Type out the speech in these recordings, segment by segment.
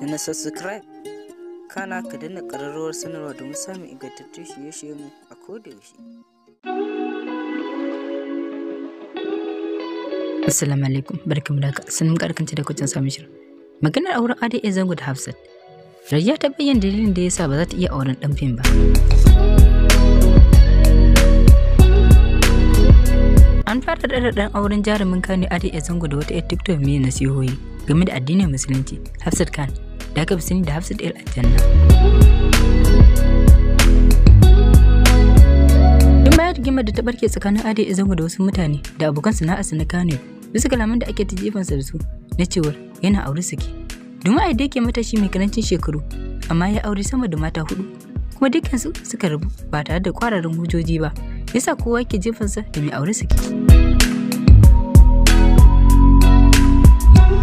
da na subscribe kana ka dana kararrawar sanarwa domin samun ingantattun shirye mu a kodayaushe. Assalamu alaikum mu daga sanin karkanta da kwacin samun shirin. Maganar auren Adai Zango da Hafsat. Rayya ta bayyana dalilin da ya sa ba za ta iya auren ɗan fim ba. An fara da ɗan auren jarumin Kano Adai Zango da wata 'yar TikTok mai nasihohi game da addinin Musulunci, Hafsat Khan. dakabsini da hafsat el aljanna duk bayan rigimar da ta barke tsakanin ade zango da wasu mutane da abokan sana'a su na kano bisa kalaman da ake ta jefansa da su na cewar yana aure suke domin a yake matashi mai karancin shekaru amma ya aure sama da mata hudu kuma dukkansu suka rabu ba tare da kwararin hujjoji ba yasa kowa ke jefansa da mai aure suke.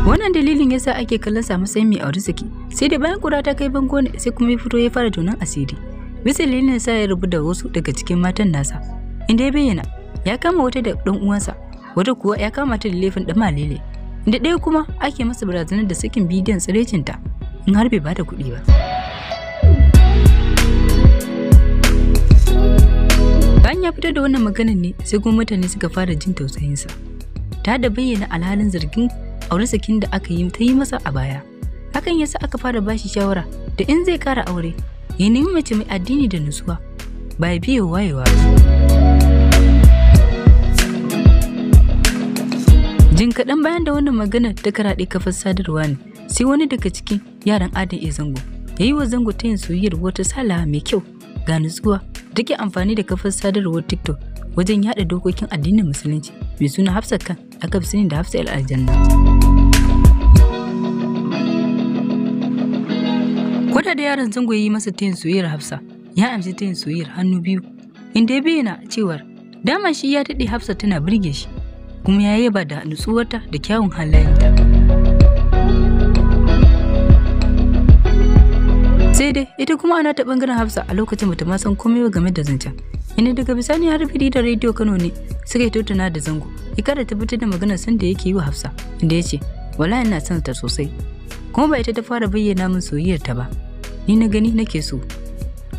wannan dalilin yasa ake kallon sa sai mai auri saki sai da bayan kura ta kai bango ne sai kuma ya fito ya fara tunan asiri bisa dalilin sa ya rubu da wasu daga cikin matan nasa inda ya bayyana ya kama wata da ɗan uwansa wata kuwa ya kama ta da laifin ɗan malele inda ɗaya kuma ake masa barazanar da sakin bidiyon ta in har bai bada kuɗi ba. Bayan ya fitar da wannan maganar ne sai kuma mutane suka fara jin tausayinsa. Ta da bayyana alhalin zargin aure sakin da aka yi ta yi masa a baya hakan yasa aka fara bashi shawara da in zai kara aure ya nemi mace mai addini da nutsuwa ba ya biye wayewa jin kaɗan bayan da wannan magana ta karaɗe kafar sadarwa ne sai wani daga cikin yaran adam ya zango ya yi wa zango ta yin soyayyar wata sala mai kyau ga nutsuwa da ke amfani da kafar sadarwar tiktok wajen yada dokokin addinin musulunci mai suna hafsa kan a kafsinin da hafsa aljanna. Kwada da yaron zango yi masa tayin soyayyar Hafsa, ya amshi tayin soyayyar hannu biyu, inda ya bayyana cewar dama shi ya daɗe Hafsa tana birge shi, kuma ya yaba da nutsuwarta da kyawun halayenta. Sai dai ita kuma ana ta bangaren Hafsa a lokacin bata ma san komai game da zancen. Ina daga bisani har fidi da rediyo Kano ne suka yi tattauna da zango. Ikara ta fitar da maganar san da yake yi wa Hafsa inda ya ce, "Wallahi ina son ta sosai." Kuma ba ita ta fara bayyana min soyayyar ta ba. ni na gani nake so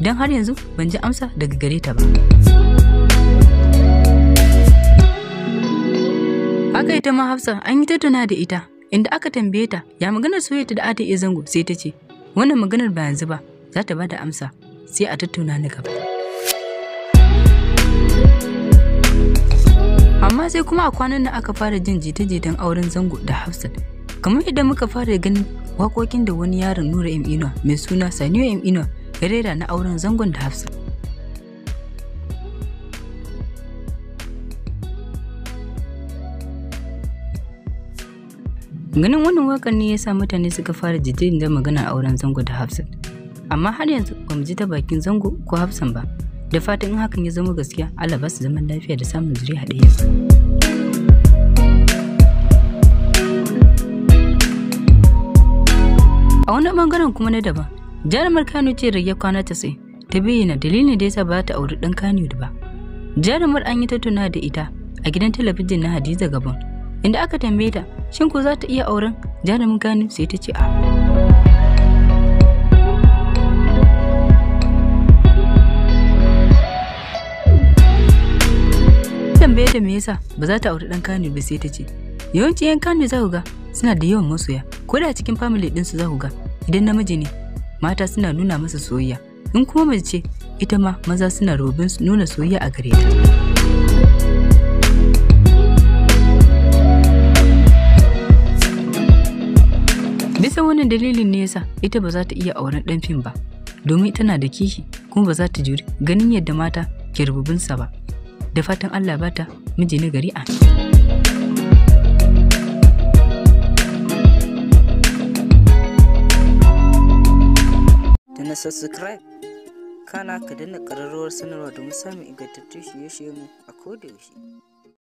don har yanzu ban ji amsa daga gare ta ba haka ita ma hafsa an yi tattauna da ita inda aka tambaye ta ya maganar soyayya da ata iya zango sai ta ce wannan maganar ba yanzu ba za ta bada amsa sai a tattauna na gaba amma sai kuma a kwanan nan aka fara jin jita-jitan auren zango da hafsat kamar idan muka fara ganin waƙoƙin da wani yaron Nura M. Ino mai suna Saniyo M. Ino ya rera na auren zangon da Hafsa. Ganin wannan waƙar ne ya sa mutane suka fara jidirin da magana auren zango da Hafsa. Amma har yanzu ba mu ji ta bakin zango ko Hafsan ba. Da fatan in hakan ya zama gaskiya, Allah ba su zaman lafiya da samun zuriya ɗaya ba. a wani bangaren kuma na daban jarumar kano ce rage kwana ta sai ta bayyana dalilin da yasa ba ta auri dan kano ba jarumar an yi tattuna da ita a gidan talabijin na hadiza gabon inda aka tambaye ta shin ko za ta iya auren jarumin kano sai ta ce a tambaye da me yasa ba za ta auri dan kano ba sai ta ce yawanci yan kano za ku ga suna da yawan masoya ko da cikin family ɗinsu za ku ga idan namiji ne mata suna nuna masa soyayya in kuma mace ce ita ma maza suna robin nuna soyayya a gare ta bisa wannan dalilin ne yasa ita ba za ta iya auren ɗan fim ba domin tana da kishi kuma ba za ta juri ganin yadda mata ke rububinsa ba da fatan allah bata miji na gari a subscribe kana ka danna ƙararrawar sanarwa domin samun ingantattun shirye mu a kodayaushe